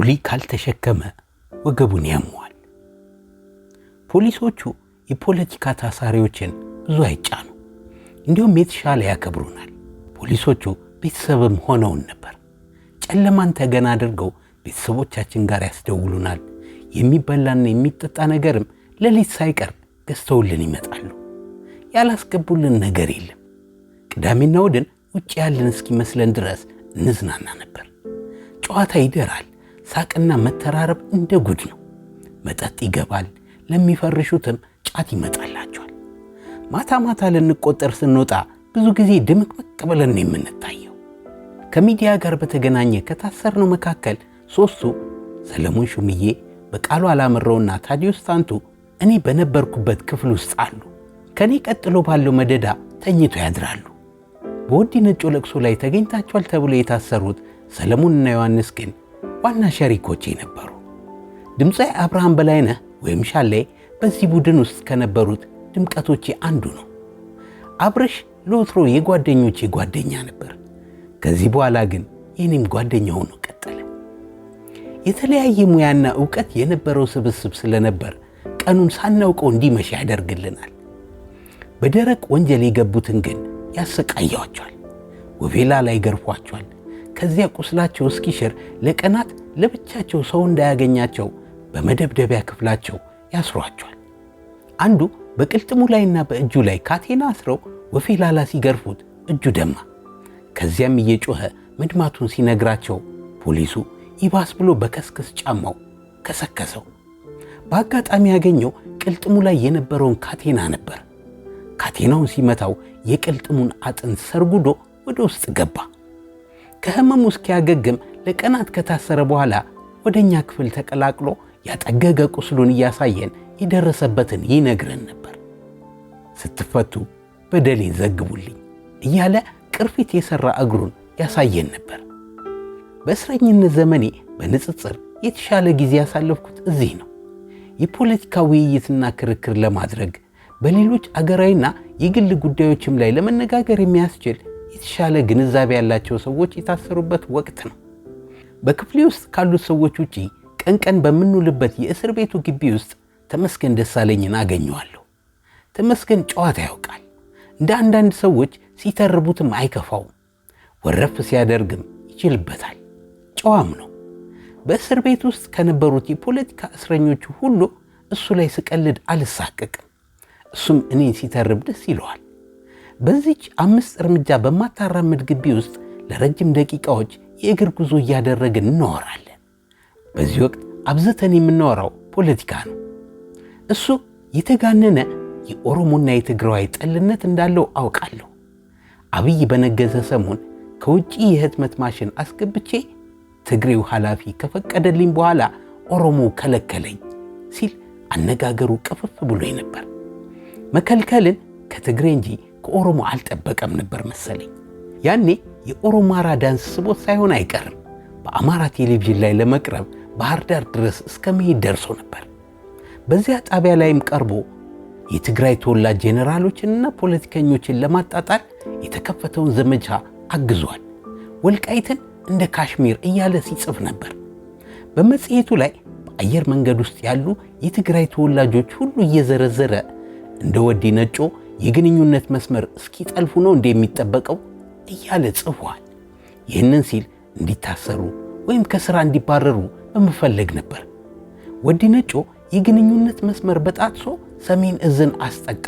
ኩሊ ካልተሸከመ ወገቡን ያመዋል። ፖሊሶቹ የፖለቲካ ታሳሪዎችን ብዙ አይጫኑ፣ እንዲሁም የተሻለ ያከብሩናል። ፖሊሶቹ ቤተሰብም ሆነውን ነበር። ጨለማን ተገና አድርገው ቤተሰቦቻችን ጋር ያስደውሉናል። የሚበላና የሚጠጣ ነገርም ሌሊት ሳይቀር ገዝተውልን ይመጣሉ። ያላስገቡልን ነገር የለም። ቅዳሜና እሑድን ውጭ ያለን እስኪመስለን ድረስ እንዝናና ነበር። ጨዋታ ይደራል። ሳቅና መተራረብ እንደ ጉድ ነው። መጠጥ ይገባል፣ ለሚፈርሹትም ጫት ይመጣላቸዋል። ማታ ማታ ልንቆጠር ስንወጣ ብዙ ጊዜ ድምቅምቅ ብለን ነው የምንታየው። ከሚዲያ ጋር በተገናኘ ከታሰርነው መካከል ሶስቱ ሰለሞን ሹምዬ፣ በቃሉ አላምረውና ታዲዮስ ታንቱ እኔ በነበርኩበት ክፍል ውስጥ አሉ። ከኔ ቀጥሎ ባለው መደዳ ተኝቶ ያድራሉ። በወዲ ነጮ ለቅሶ ላይ ተገኝታቸዋል ተብሎ የታሰሩት ሰለሞንና ዮሐንስ ግን ዋና ሸሪኮቼ ነበሩ። ድምፃዊ አብርሃም በላይነህ ወይም ሻሌ በዚህ ቡድን ውስጥ ከነበሩት ድምቀቶቼ አንዱ ነው። አብርሽ ለወትሮ የጓደኞቼ ጓደኛ ነበር። ከዚህ በኋላ ግን የኔም ጓደኛ ሆኖ ቀጠለ። የተለያየ ሙያና እውቀት የነበረው ስብስብ ስለነበር ቀኑን ሳናውቀው እንዲመሽ ያደርግልናል። በደረቅ ወንጀል የገቡትን ግን ያሰቃያቸዋል። ወፌላ ላይ ገርፏቸዋል። ከዚያ ቁስላቸው እስኪሽር ለቀናት ለብቻቸው ሰው እንዳያገኛቸው በመደብደቢያ ክፍላቸው ያስሯቸዋል። አንዱ በቅልጥሙ ላይና በእጁ ላይ ካቴና አስረው ወፌላላ ሲገርፉት እጁ ደማ። ከዚያም እየጮኸ መድማቱን ሲነግራቸው ፖሊሱ ይባስ ብሎ በከስክስ ጫማው ከሰከሰው። በአጋጣሚ ያገኘው ቅልጥሙ ላይ የነበረውን ካቴና ነበር። ካቴናውን ሲመታው የቅልጥሙን አጥንት ሰርጉዶ ወደ ውስጥ ገባ። ከህመሙ እስኪያገግም ለቀናት ከታሰረ በኋላ ወደ እኛ ክፍል ተቀላቅሎ ያጠገገ ቁስሉን እያሳየን የደረሰበትን ይነግረን ነበር። ስትፈቱ በደሌን ዘግቡልኝ እያለ ቅርፊት የሠራ እግሩን ያሳየን ነበር። በእስረኝነት ዘመኔ በንጽጽር የተሻለ ጊዜ ያሳለፍኩት እዚህ ነው። የፖለቲካ ውይይትና ክርክር ለማድረግ በሌሎች አገራዊና የግል ጉዳዮችም ላይ ለመነጋገር የሚያስችል የተሻለ ግንዛቤ ያላቸው ሰዎች የታሰሩበት ወቅት ነው። በክፍሌ ውስጥ ካሉት ሰዎች ውጪ ቀን ቀን በምንውልበት የእስር ቤቱ ግቢ ውስጥ ተመስገን ደሳለኝን አገኘዋለሁ። ተመስገን ጨዋታ ያውቃል። እንደ አንዳንድ ሰዎች ሲተርቡትም አይከፋውም። ወረፍ ሲያደርግም ይችልበታል። ጨዋም ነው። በእስር ቤት ውስጥ ከነበሩት የፖለቲካ እስረኞቹ ሁሉ እሱ ላይ ስቀልድ አልሳቀቅም። እሱም እኔን ሲተርብ ደስ ይለዋል። በዚች አምስት እርምጃ በማታራምድ ግቢ ውስጥ ለረጅም ደቂቃዎች የእግር ጉዞ እያደረግን እናወራለን። በዚህ ወቅት አብዝተን የምናወራው ፖለቲካ ነው። እሱ የተጋነነ የኦሮሞና የትግራዋይ ጠልነት እንዳለው አውቃለሁ። አብይ በነገሰ ሰሞን ከውጭ የህትመት ማሽን አስገብቼ ትግሬው ኃላፊ ከፈቀደልኝ በኋላ ኦሮሞ ከለከለኝ ሲል አነጋገሩ ቅፍፍ ብሎ ነበር። መከልከልን ከትግሬ እንጂ ከኦሮሞ አልጠበቀም ነበር መሰለኝ። ያኔ የኦሮማራ ዳንስ ስቦት ሳይሆን አይቀርም። በአማራ ቴሌቪዥን ላይ ለመቅረብ ባህር ዳር ድረስ እስከ መሄድ ደርሶ ነበር። በዚያ ጣቢያ ላይም ቀርቦ የትግራይ ተወላጅ ጄኔራሎችንና ፖለቲከኞችን ለማጣጣል የተከፈተውን ዘመቻ አግዟል። ወልቃይትን እንደ ካሽሚር እያለ ሲጽፍ ነበር። በመጽሔቱ ላይ በአየር መንገድ ውስጥ ያሉ የትግራይ ተወላጆች ሁሉ እየዘረዘረ እንደ ወዲ ነጮ የግንኙነት መስመር እስኪጠልፉ ነው እንደ የሚጠበቀው እያለ ጽፏል። ይህንን ሲል እንዲታሰሩ ወይም ከሥራ እንዲባረሩ በመፈለግ ነበር። ወዲ ነጮ የግንኙነት መስመር በጣጥሶ ሰሜን እዝን አስጠቃ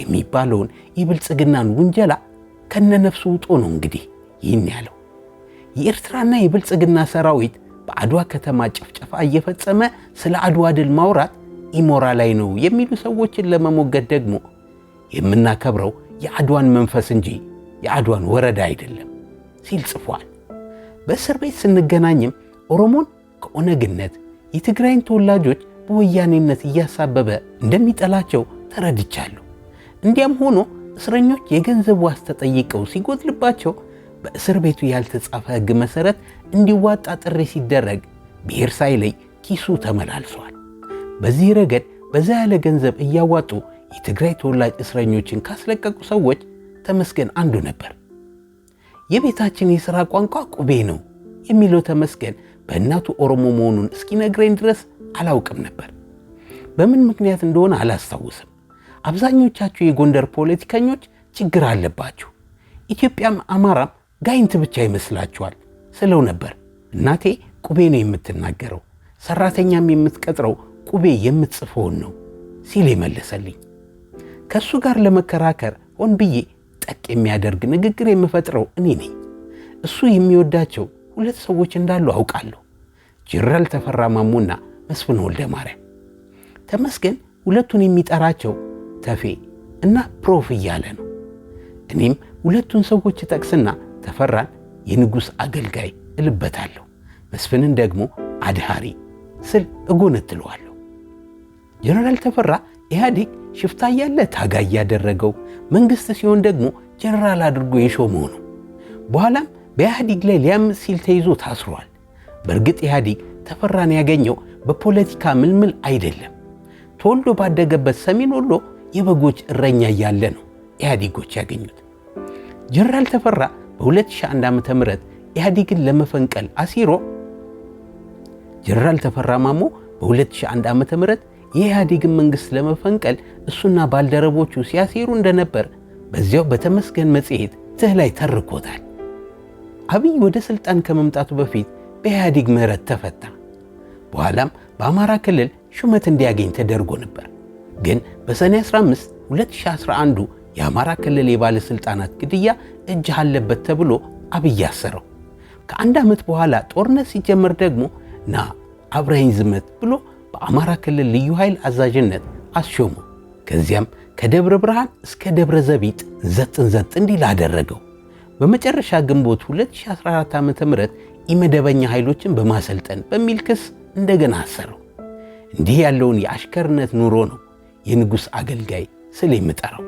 የሚባለውን የብልጽግናን ውንጀላ ከነነፍሱ ውጦ ነው እንግዲህ ይህን ያለው። የኤርትራና የብልጽግና ሰራዊት በአድዋ ከተማ ጭፍጨፋ እየፈጸመ ስለ አድዋ ድል ማውራት ኢሞራ ላይ ነው የሚሉ ሰዎችን ለመሞገድ ደግሞ የምናከብረው የአድዋን መንፈስ እንጂ የአድዋን ወረዳ አይደለም ሲል ጽፏል። በእስር ቤት ስንገናኝም ኦሮሞን ከኦነግነት የትግራይን ተወላጆች በወያኔነት እያሳበበ እንደሚጠላቸው ተረድቻለሁ። እንዲያም ሆኖ እስረኞች የገንዘብ ዋስ ተጠይቀው ሲጎድልባቸው በእስር ቤቱ ያልተጻፈ ሕግ መሠረት እንዲዋጣ ጥሪ ሲደረግ ብሔር ሳይለይ ኪሱ ተመላልሷል። በዚህ ረገድ በዛ ያለ ገንዘብ እያዋጡ የትግራይ ተወላጅ እስረኞችን ካስለቀቁ ሰዎች ተመስገን አንዱ ነበር። የቤታችን የሥራ ቋንቋ ቁቤ ነው የሚለው ተመስገን በእናቱ ኦሮሞ መሆኑን እስኪነግረኝ ድረስ አላውቅም ነበር። በምን ምክንያት እንደሆነ አላስታውስም። አብዛኞቻችሁ የጎንደር ፖለቲከኞች ችግር አለባችሁ፣ ኢትዮጵያም አማራም ጋይንት ብቻ ይመስላችኋል ስለው ነበር። እናቴ ቁቤ ነው የምትናገረው፣ ሰራተኛም የምትቀጥረው ቁቤ የምትጽፈውን ነው ሲል የመለሰልኝ። ከእሱ ጋር ለመከራከር ሆን ብዬ ጠቅ የሚያደርግ ንግግር የምፈጥረው እኔ ነኝ። እሱ የሚወዳቸው ሁለት ሰዎች እንዳሉ አውቃለሁ፣ ጄኔራል ተፈራ ማሞና መስፍን ወልደ ማርያም። ተመስገን ሁለቱን የሚጠራቸው ተፌ እና ፕሮፍ እያለ ነው። እኔም ሁለቱን ሰዎች ጠቅስና ተፈራን የንጉሥ አገልጋይ እልበታለሁ፣ መስፍንን ደግሞ አድሃሪ ስል እጎነትለዋለሁ። ጀነራል ተፈራ ኢህአዴግ ሽፍታ እያለ ታጋይ ያደረገው መንግስት ሲሆን ደግሞ ጀነራል አድርጎ የሾመው ነው። በኋላም በኢህአዴግ ላይ ሊያምፅ ሲል ተይዞ ታስሯል። በእርግጥ ኢህአዴግ ተፈራን ያገኘው በፖለቲካ ምልምል አይደለም። ተወልዶ ባደገበት ሰሜን ወሎ የበጎች እረኛ እያለ ነው ኢህአዴጎች ያገኙት። ጀነራል ተፈራ በ2001 ዓ ም ኢህአዴግን ለመፈንቀል አሲሮ ጀነራል ተፈራ ማሞ በ2001 ዓ ም የኢህአዴግን መንግሥት ለመፈንቀል እሱና ባልደረቦቹ ሲያሴሩ እንደነበር በዚያው በተመስገን መጽሔት ትህ ላይ ተርኮታል። አብይ ወደ ሥልጣን ከመምጣቱ በፊት በኢህአዴግ ምህረት ተፈታ። በኋላም በአማራ ክልል ሹመት እንዲያገኝ ተደርጎ ነበር። ግን በሰኔ 15 2011 የአማራ ክልል የባለሥልጣናት ግድያ እጅ አለበት ተብሎ አብይ አሰረው። ከአንድ ዓመት በኋላ ጦርነት ሲጀመር ደግሞ ና አብረኝ ዝመት ብሎ በአማራ ክልል ልዩ ኃይል አዛዥነት አስሾሙ። ከዚያም ከደብረ ብርሃን እስከ ደብረ ዘቢጥ ዘጥን ዘጥ እንዲል አደረገው። በመጨረሻ ግንቦት 2014 ዓ ም ኢመደበኛ ኃይሎችን በማሰልጠን በሚል ክስ እንደገና አሰረው። እንዲህ ያለውን የአሽከርነት ኑሮ ነው የንጉሥ አገልጋይ ስል የምጠራው።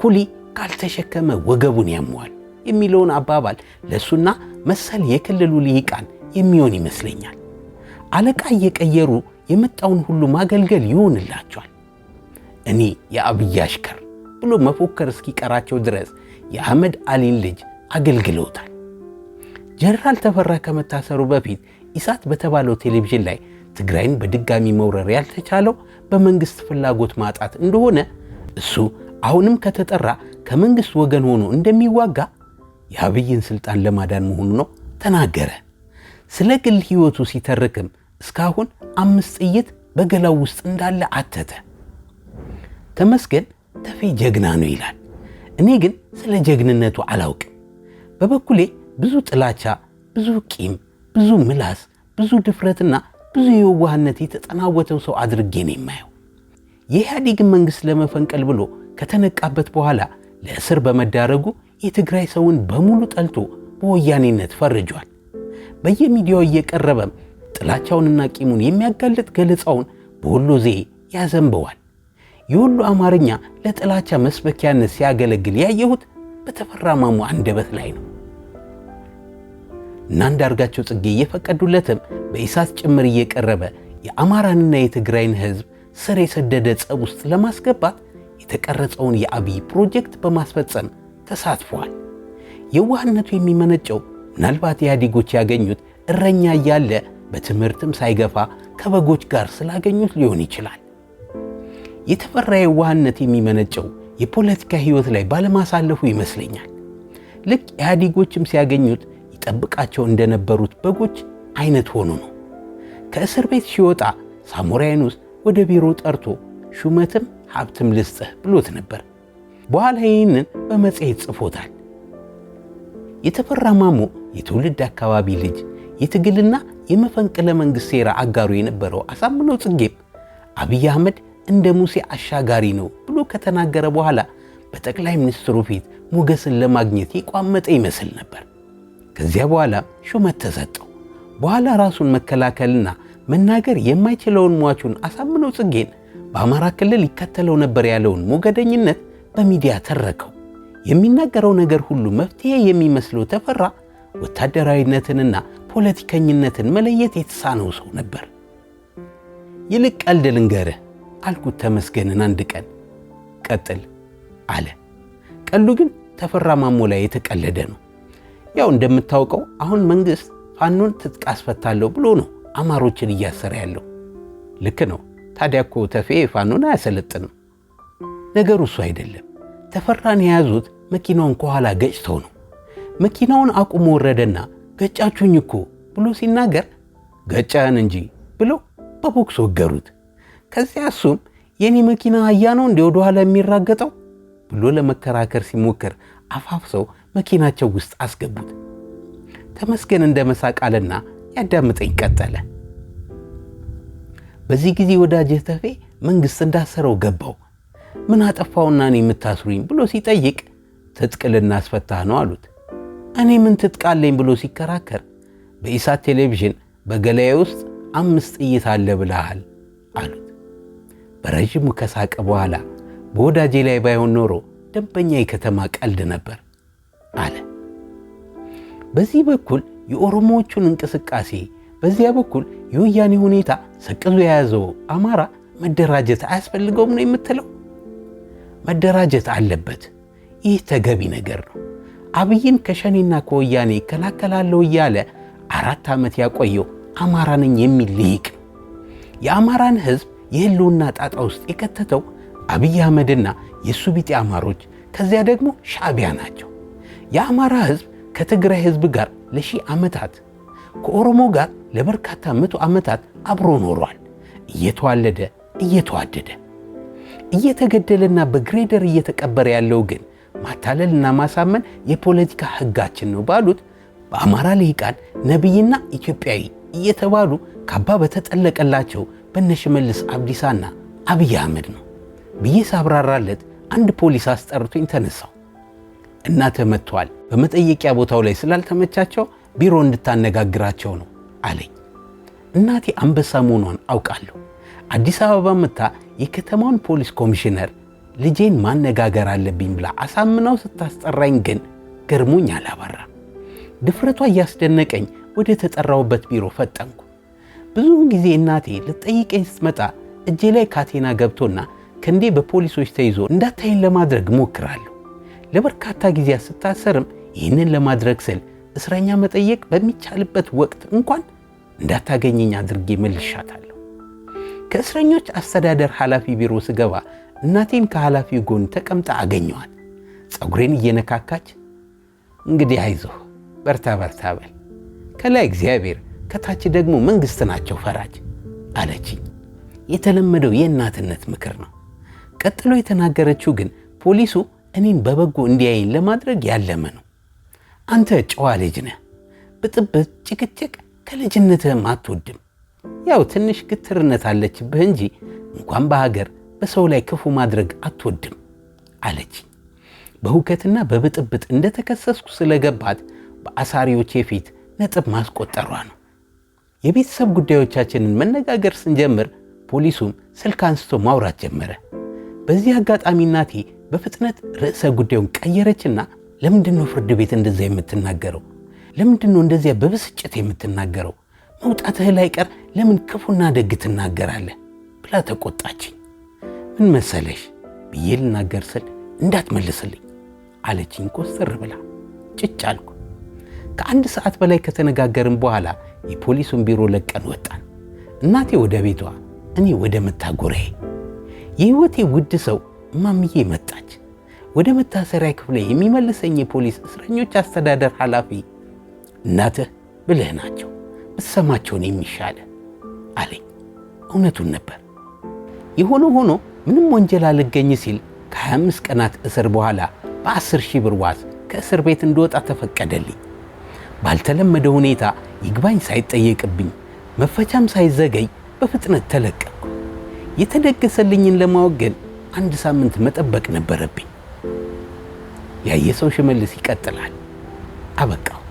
ኩሊ ካልተሸከመ ወገቡን ያመዋል የሚለውን አባባል ለእሱና መሰል የክልሉ ልሂቃን የሚሆን ይመስለኛል። አለቃ እየቀየሩ የመጣውን ሁሉ ማገልገል ይሆንላቸዋል። እኔ የአብይ አሽከር ብሎ መፎከር እስኪቀራቸው ድረስ የአህመድ አሊን ልጅ አገልግለውታል። ጀነራል ተፈራ ከመታሰሩ በፊት ኢሳት በተባለው ቴሌቪዥን ላይ ትግራይን በድጋሚ መውረር ያልተቻለው በመንግስት ፍላጎት ማጣት እንደሆነ እሱ አሁንም ከተጠራ ከመንግስት ወገን ሆኖ እንደሚዋጋ የአብይን ስልጣን ለማዳን መሆኑ ነው ተናገረ። ስለ ግል ሕይወቱ ሲተርክም እስካሁን አምስት ጥይት በገላው ውስጥ እንዳለ አተተ። ተመስገን ተፌ ጀግና ነው ይላል። እኔ ግን ስለ ጀግንነቱ አላውቅም። በበኩሌ ብዙ ጥላቻ፣ ብዙ ቂም፣ ብዙ ምላስ፣ ብዙ ድፍረትና ብዙ የዋህነት የተጠናወተው ሰው አድርጌ ነው የማየው። የኢህአዴግን መንግሥት ለመፈንቀል ብሎ ከተነቃበት በኋላ ለእስር በመዳረጉ የትግራይ ሰውን በሙሉ ጠልቶ በወያኔነት ፈርጇል። በየሚዲያው እየቀረበም ጥላቻውንና ቂሙን የሚያጋልጥ ገለጻውን በወሎ ዜ ያዘንበዋል። የወሎ አማርኛ ለጥላቻ መስበኪያነት ሲያገለግል ያየሁት በተፈራ አንደበት ላይ ነው እና አንዳርጋቸው ጽጌ እየፈቀዱለትም በኢሳት ጭምር እየቀረበ የአማራንና የትግራይን ሕዝብ ስር የሰደደ ጸብ ውስጥ ለማስገባት የተቀረጸውን የአብይ ፕሮጀክት በማስፈጸም ተሳትፏል። የዋህነቱ የሚመነጨው ምናልባት ኢህአዴጎች ያገኙት እረኛ እያለ በትምህርትም ሳይገፋ ከበጎች ጋር ስላገኙት ሊሆን ይችላል። የተፈራ የዋህነት የሚመነጨው የፖለቲካ ሕይወት ላይ ባለማሳለፉ ይመስለኛል። ልክ ኢህአዴጎችም ሲያገኙት ይጠብቃቸው እንደነበሩት በጎች አይነት ሆኑ ነው። ከእስር ቤት ሲወጣ ሳሙራይኑስ ወደ ቢሮ ጠርቶ ሹመትም ሀብትም ልስጥህ ብሎት ነበር። በኋላ ይህንን በመጽሔት ጽፎታል። የተፈራ ማሞ የትውልድ አካባቢ ልጅ የትግልና የመፈንቅለ መንግሥት ሴራ አጋሩ የነበረው አሳምነው ጽጌም አብይ አህመድ እንደ ሙሴ አሻጋሪ ነው ብሎ ከተናገረ በኋላ በጠቅላይ ሚኒስትሩ ፊት ሞገስን ለማግኘት የቋመጠ ይመስል ነበር። ከዚያ በኋላ ሹመት ተሰጠው። በኋላ ራሱን መከላከልና መናገር የማይችለውን ሟቹን አሳምነው ጽጌን በአማራ ክልል ይከተለው ነበር ያለውን ሞገደኝነት በሚዲያ ተረከው። የሚናገረው ነገር ሁሉ መፍትሄ የሚመስለው ተፈራ ወታደራዊነትንና ፖለቲከኝነትን መለየት የተሳነው ሰው ነበር። ይልቅ ቀልድ ልንገርህ አልኩት ተመስገንን አንድ ቀን። ቀጥል አለ። ቀልዱ ግን ተፈራ ማሞ ላይ የተቀለደ ነው። ያው እንደምታውቀው አሁን መንግስት ፋኖን ትጥቅ አስፈታለሁ ብሎ ነው አማሮችን እያሰረ ያለው። ልክ ነው። ታዲያ እኮ ተፌ ፋኖን አያሰለጥንም። ነገሩ እሱ አይደለም። ተፈራን የያዙት መኪናውን ከኋላ ገጭተው ነው። መኪናውን አቁሞ ወረደና ገጫችሁኝ እኮ ብሎ ሲናገር ገጫን እንጂ ብሎ በቦክስ ወገሩት። ከዚያ እሱም የኔ መኪና አህያ ነው እንደ ወደኋላ የሚራገጠው ብሎ ለመከራከር ሲሞክር አፋፍሰው መኪናቸው ውስጥ አስገቡት። ተመስገን እንደ መሳቅ ያዳምጠኝ ቀጠለ። በዚህ ጊዜ ወዳጄ ተፌ መንግሥት እንዳሰረው ገባው። ምን አጠፋውና እኔ የምታስሩኝ ብሎ ሲጠይቅ ትጥቅ ልናስፈታ ነው አሉት። እኔ ምን ትጥቃለኝ ብሎ ሲከራከር በኢሳት ቴሌቪዥን በገላዬ ውስጥ አምስት ጥይት አለ ብለሃል አሉት። በረዥሙ ከሳቀ በኋላ በወዳጄ ላይ ባይሆን ኖሮ ደንበኛ የከተማ ቀልድ ነበር አለ። በዚህ በኩል የኦሮሞዎቹን እንቅስቃሴ፣ በዚያ በኩል የወያኔ ሁኔታ ሰቅዞ የያዘው አማራ መደራጀት አያስፈልገውም ነው የምትለው? መደራጀት አለበት። ይህ ተገቢ ነገር ነው። አብይን ከሸኔና ከወያኔ ይከላከላለሁ እያለ አራት ዓመት ያቆየው አማራ ነኝ የሚል ልሂቅ የአማራን ሕዝብ የህልውና ጣጣ ውስጥ የከተተው አብይ አህመድና የእሱ ቢጤ አማሮች ከዚያ ደግሞ ሻዕቢያ ናቸው። የአማራ ሕዝብ ከትግራይ ሕዝብ ጋር ለሺህ ዓመታት ከኦሮሞ ጋር ለበርካታ መቶ ዓመታት አብሮ ኖሯል። እየተዋለደ እየተዋደደ እየተገደለና በግሬደር እየተቀበረ ያለው ግን ማታለል እና ማሳመን የፖለቲካ ህጋችን ነው ባሉት በአማራ ልሂቃን ነቢይና ኢትዮጵያዊ እየተባሉ ካባ በተጠለቀላቸው በነ ሽመልስ አብዲሳና አብይ አህመድ ነው ብዬ ሳብራራለት አንድ ፖሊስ አስጠርቶኝ ተነሳው እናተ መጥቷል፣ በመጠየቂያ ቦታው ላይ ስላልተመቻቸው ቢሮ እንድታነጋግራቸው ነው አለኝ። እናቴ አንበሳ መሆኗን አውቃለሁ። አዲስ አበባ መታ የከተማውን ፖሊስ ኮሚሽነር ልጄን ማነጋገር አለብኝ ብላ አሳምናው ስታስጠራኝ ግን ገርሞኝ አላባራ። ድፍረቷ እያስደነቀኝ ወደ ተጠራውበት ቢሮ ፈጠንኩ። ብዙውን ጊዜ እናቴ ልጠይቀኝ ስትመጣ እጄ ላይ ካቴና ገብቶና ከንዴ በፖሊሶች ተይዞ እንዳታይን ለማድረግ ሞክራለሁ። ለበርካታ ጊዜ ስታሰርም ይህንን ለማድረግ ስል እስረኛ መጠየቅ በሚቻልበት ወቅት እንኳን እንዳታገኘኝ አድርጌ መልሻታለሁ። ከእስረኞች አስተዳደር ኃላፊ ቢሮ ስገባ እናቴን ከኃላፊው ጎን ተቀምጣ አገኘዋል ፀጉሬን እየነካካች እንግዲህ አይዞህ በርታ በርታ በል፣ ከላይ እግዚአብሔር ከታች ደግሞ መንግሥት ናቸው ፈራጅ አለችኝ። የተለመደው የእናትነት ምክር ነው። ቀጥሎ የተናገረችው ግን ፖሊሱ እኔን በበጎ እንዲያይን ለማድረግ ያለመ ነው። አንተ ጨዋ ልጅ ነህ፣ ብጥብጥ፣ ጭቅጭቅ ከልጅነትህም አትወድም። ያው ትንሽ ግትርነት አለችብህ እንጂ እንኳን በሀገር በሰው ላይ ክፉ ማድረግ አትወድም አለች በሁከትና በብጥብጥ እንደተከሰስኩ ስለገባት በአሳሪዎቼ ፊት ነጥብ ማስቆጠሯ ነው። የቤተሰብ ጉዳዮቻችንን መነጋገር ስንጀምር ፖሊሱም ስልክ አንስቶ ማውራት ጀመረ። በዚህ አጋጣሚ እናቴ በፍጥነት ርዕሰ ጉዳዩን ቀየረችና ለምንድነው ፍርድ ቤት እንደዚያ የምትናገረው? ለምንድነው እንደዚያ በብስጭት የምትናገረው? መውጣትህ ላይ ቀር ለምን ክፉና ደግ ትናገራለህ? ብላ ተቆጣችኝ። ምን መሰለሽ ብዬ ልናገር ስል እንዳትመልስልኝ አለችኝ ኮስተር ብላ። ጭጭ አልኩ። ከአንድ ሰዓት በላይ ከተነጋገርን በኋላ የፖሊሱን ቢሮ ለቀን ወጣን። እናቴ ወደ ቤቷ፣ እኔ ወደ መታጎሪያ የህይወቴ ውድ ሰው እማምዬ መጣች። ወደ መታሰሪያ ክፍለ የሚመልሰኝ የፖሊስ እስረኞች አስተዳደር ኃላፊ እናትህ ብልህ ናቸው ብሰማቸውን የሚሻለ አለኝ። እውነቱን ነበር። የሆነ ሆኖ ምንም ወንጀል አልገኝ ሲል ከ25 ቀናት እስር በኋላ በ10 ሺህ ብር ዋስ ከእስር ቤት እንድወጣ ተፈቀደልኝ። ባልተለመደ ሁኔታ ይግባኝ ሳይጠየቅብኝ መፈቻም ሳይዘገይ በፍጥነት ተለቀቅኩ። የተደገሰልኝን ለማወቅ ግን አንድ ሳምንት መጠበቅ ነበረብኝ። ያየሰው ሽመልስ ይቀጥላል። አበቃው።